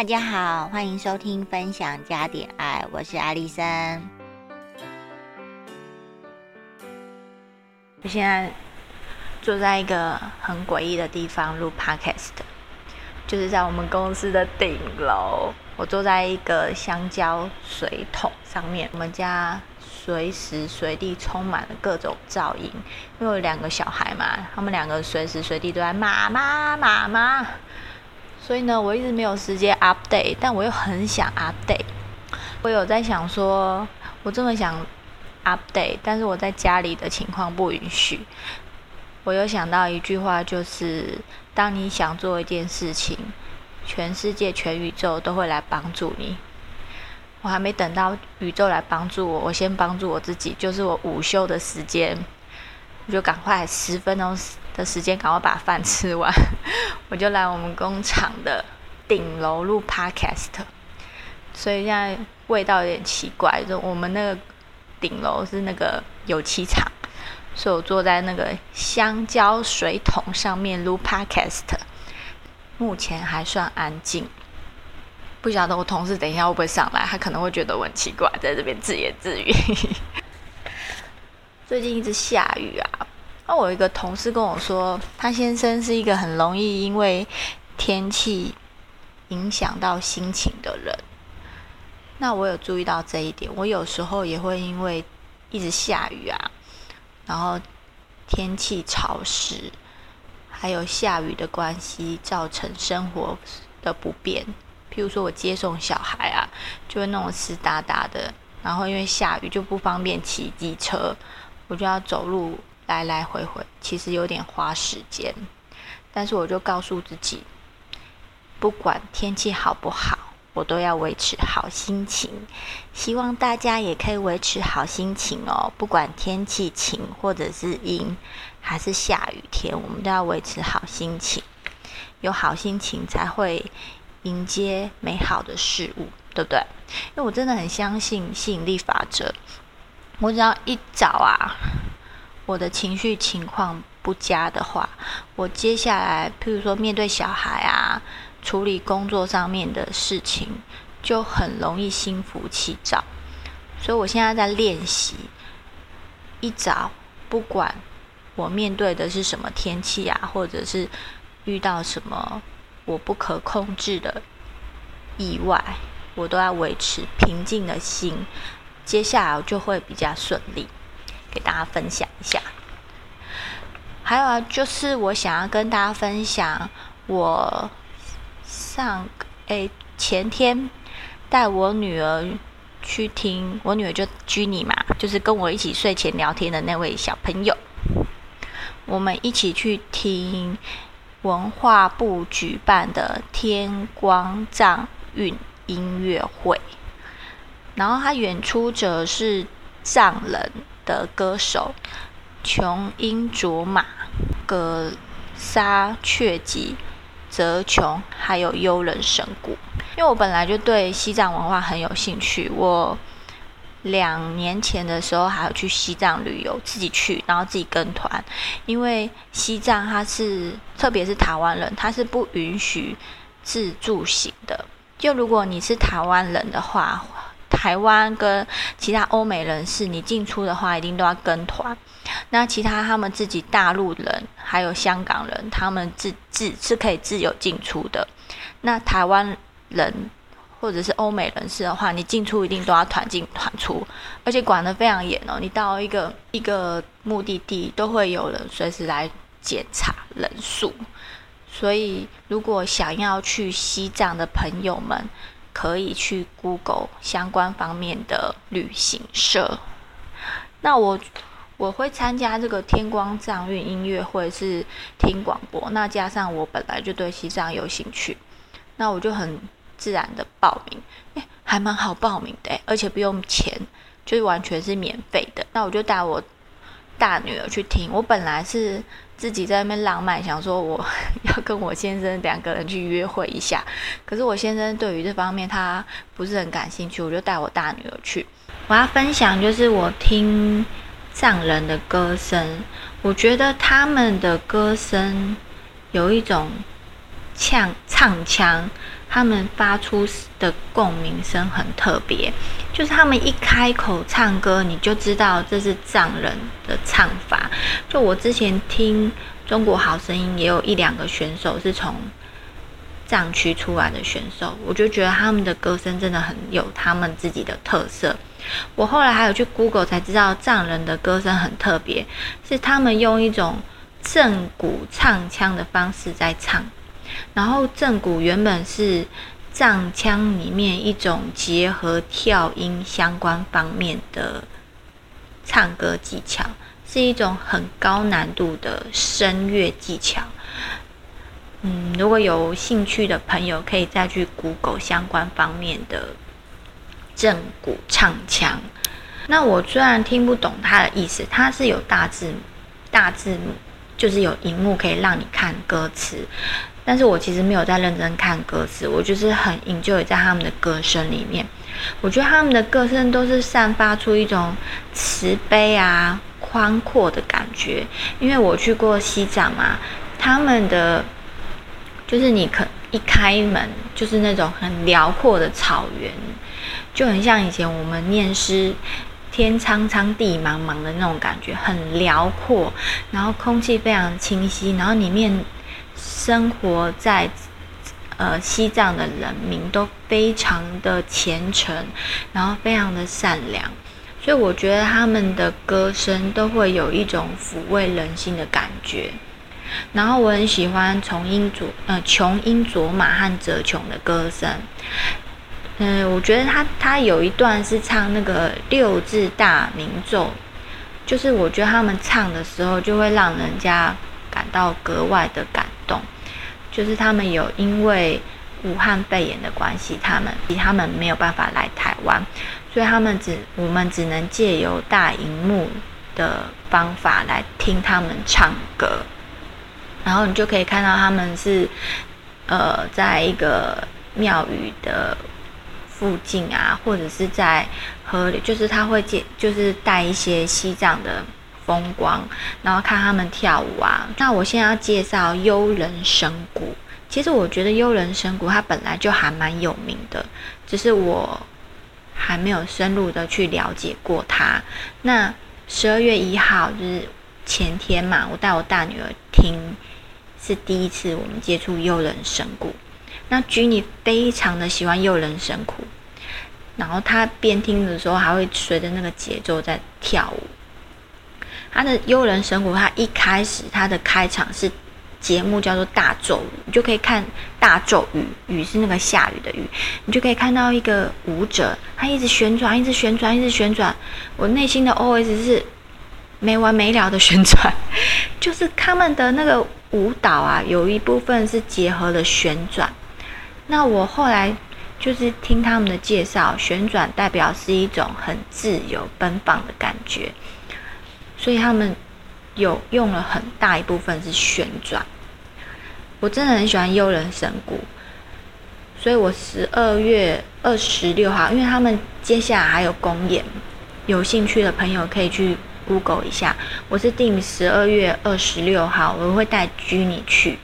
大家好，歡迎收聽分享加點愛，我是阿麗森。我現在坐在一個很詭異的地方錄 Podcast，就是在我們公司的頂樓。我坐在一個香蕉水桶上面。我們家隨時隨地充滿了各種噪音，因為我有兩個小孩嘛，他們兩個隨時隨地都在媽媽媽媽。所以呢，我一直沒有時間 update，但我又很想 update。我有在想說，我這麼想 update，但是我在家裡的情況不允許。我又想到一句話，就是當你想做一件事情，全世界、全宇宙都會來幫助你。我還沒等到宇宙來幫助我，我先幫助我自己。就是我午休的時間，我就趕快十分鐘。時間趕快把飯吃完，我就來我們工廠的頂樓錄 podcast，所以現在味道有點奇怪。就我們那個頂樓是那個油漆廠，所以我坐在那個香蕉水桶上面錄 podcast，目前還算安靜。不曉得我同事等一下會不會上來，他可能會覺得我很奇怪，在這邊自言自語。最近一直下雨啊。那我一個同事跟我說，他先生是一個很容易因為天氣影響到心情的人。那我有注意到這一點，我有時候也會因為一直下雨啊，然後天氣潮濕，還有下雨的關係造成生活的不便。譬如說我接送小孩啊，就會那種濕噠噠的，然後因為下雨就不方便騎機車，我就要走路。來來回回其實有點花時間，但是我就告訴自己，不管天氣好不好，我都要維持好心情。希望大家也可以維持好心情哦，不管天氣晴或者是陰，還是下雨天，我們都要維持好心情。有好心情才會迎接美好的事物，對不對？因為我真的很相信吸引力法則，我只要一早啊。我的情緒情況不佳的話，我接下來，譬如說面對小孩啊，處理工作上面的事情，就很容易心浮氣躁。所以我現在在練習，一早不管我面對的是什麼天氣啊，或者是遇到什麼我不可控制的意外，我都要維持平靜的心，接下來就會比較順利。給大家分享一下。還有啊，就是我想要跟大家分享，我上誒，前天帶我女兒去聽，我女兒就 Ginny 嘛，就是跟我一起睡前聊天的那位小朋友，我們一起去聽文化部舉辦的天光藏韻音樂會，然後他演出者是藏人。的歌手瓊英卓瑪、格沙雀吉、澤瓊，還有優人神鼓。因為我本來就對西藏文化很有興趣，我兩年前的時候還有去西藏旅遊，自己去，然後自己跟團。因為西藏它是，特別是台灣人，它是不允許自助行的。就如果你是台灣人的話。台灣跟其他歐美人士，你進出的話，一定都要跟團。那其他他們自己大陸人，還有香港人，他們自自是可以自由進出的。那台灣人或者是歐美人士的話，你進出一定都要團進團出，而且管得非常嚴哦。你到一個一個目的地，都會有人隨時來檢查人數。所以，如果想要去西藏的朋友們，可以去 Google 相關方面的旅行社。那我我會參加這個天光藏韻音樂會是聽廣播，那加上我本來就對西藏有興趣，那我就很自然的報名，誒還蠻好報名的誒，而且不用錢，就是完全是免費的。那我就帶我。大女兒去聽，我本來是自己在那邊浪漫，想說我要跟我先生兩個人去約會一下。可是我先生對於這方面他不是很感興趣，我就帶我大女兒去。我要分享就是我聽藏人的歌聲，我覺得他們的歌聲有一種嗆。唱腔，他們發出的共鳴聲很特別，就是他們一開口唱歌，你就知道這是藏人的唱法。就我之前聽《中國好聲音》，也有一兩個選手是從藏區出來的選手，我就覺得他們的歌聲真的很有他們自己的特色。我後來還有去 Google 才知道，藏人的歌聲很特別，是他們用一種正鼓唱腔的方式在唱。然後震谷原本是藏腔裡面一種結合跳音相關方面的唱歌技巧，是一種很高難度的聲樂技巧。嗯，如果有興趣的朋友可以再去 Google 相關方面的震谷唱腔。那我雖然聽不懂他的意思，它是有大字，大字就是有熒幕可以讓你看歌詞。但是我其實沒有在認真看歌詞，我就是很 enjoy 在他們的歌聲裡面。我覺得他們的歌聲都是散發出一種慈悲啊、寬闊的感覺。因為我去過西藏嘛、啊，他們的就是你可一開門，就是那種很遼闊的草原，就很像以前我們念詩“天蒼蒼，地茫茫”的那種感覺，很遼闊，然後空氣非常清新，然後裡面。生活在，呃，西藏的人民都非常的虔誠，然後非常的善良，所以我覺得他們的歌聲都會有一種撫慰人心的感覺。然後我很喜歡瓊英卓，呃瓊英卓瑪和澤瓊的歌聲，嗯、呃，我覺得他他有一段是唱那個六字大明咒，就是我覺得他們唱的時候就會讓人家感到格外的感覺。就是他們有因為武漢肺炎的關係，他們，他們沒有辦法來台灣，所以他們只，我們只能借由大螢幕的方法來聽他們唱歌，然後你就可以看到他們是，呃，在一個廟宇的附近啊，或者是在河裡，就是他會借，就是帶一些西藏的，風光，然後看他們跳舞啊！那我現在要介紹優人神鼓，其實我覺得優人神鼓它本來就還蠻有名的，只是我還沒有深入的去了解過它。那十二月一號就是前天嘛，我帶我大女兒聽，是第一次我們接觸優人神鼓。那 GINNY 非常的喜歡優人神鼓，然後他邊聽的時候還會隨着那個節奏在跳舞。他的優人神鼓，他一開始他的開場是節目叫做大咒雨，你就可以看大咒雨，雨是那個下雨的雨，你就可以看到一個舞者，他一直旋轉，一直旋轉，一直旋轉。我內心的 OS 是沒完沒了的旋轉， 就是他們的那個舞蹈啊，有一部分是結合了旋轉。那我後來就是聽他們的介紹，旋轉代表是一種很自由奔放的感覺。所以他們有用了很大一部分是旋轉。我真的很喜歡優人神鼓，所以我十二月二十六號，因為他們接下來還有公演，有興趣的朋友可以去 Google 一下。我是訂十二月二十六號，我會帶 Ginny 去。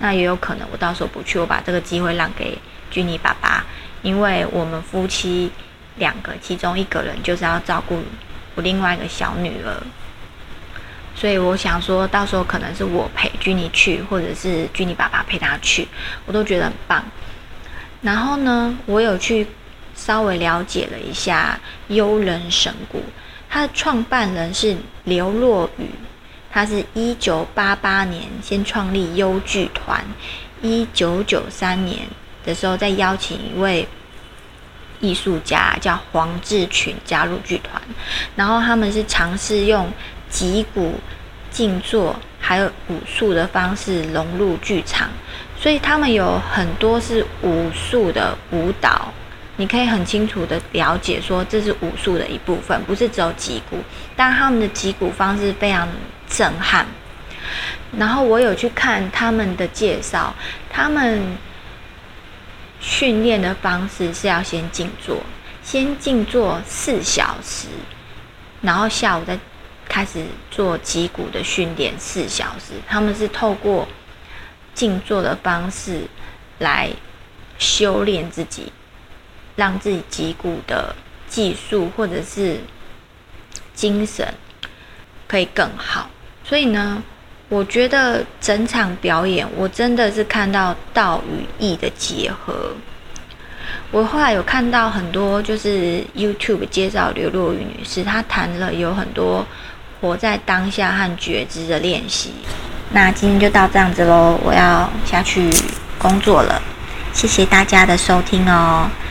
那也有可能我到時候不去，我把這個機會讓給 Ginny 爸爸，因為我們夫妻兩個其中一個人就是要照顧我另外一個小女兒。所以我想說，到時候可能是我陪 GINNY 去，或者是 GINNY 爸爸陪他去，我都覺得很棒。然後呢，我有去稍微了解了一下優人神鼓，他的創辦人是劉若瑀，他是一九八八年先創立優劇團，一九九三年的時候再邀請一位藝術家叫黃志群加入劇團，然後他們是嘗試用。擊鼓靜坐，還有武術的方式融入劇場，所以他們有很多是武術的舞蹈，你可以很清楚的了解說這是武術的一部分，不是只有擊鼓。但他們的擊鼓方式非常震撼。然後我有去看他們的介紹，他們訓練的方式是要先靜坐，先靜坐四小時，然後下午再。開始做擊鼓的訓練四小時，他們是透過靜坐的方式來修煉自己，讓自己擊鼓的技術或者是精神可以更好。所以呢，我覺得整場表演，我真的是看到道與藝的結合。我後來有看到很多，就是 YouTube 介紹劉若瑀女士，她談了有很多。活在當下和覺知的練習，那今天就到這樣子嘍，我要下去工作了，謝謝大家的收聽哦。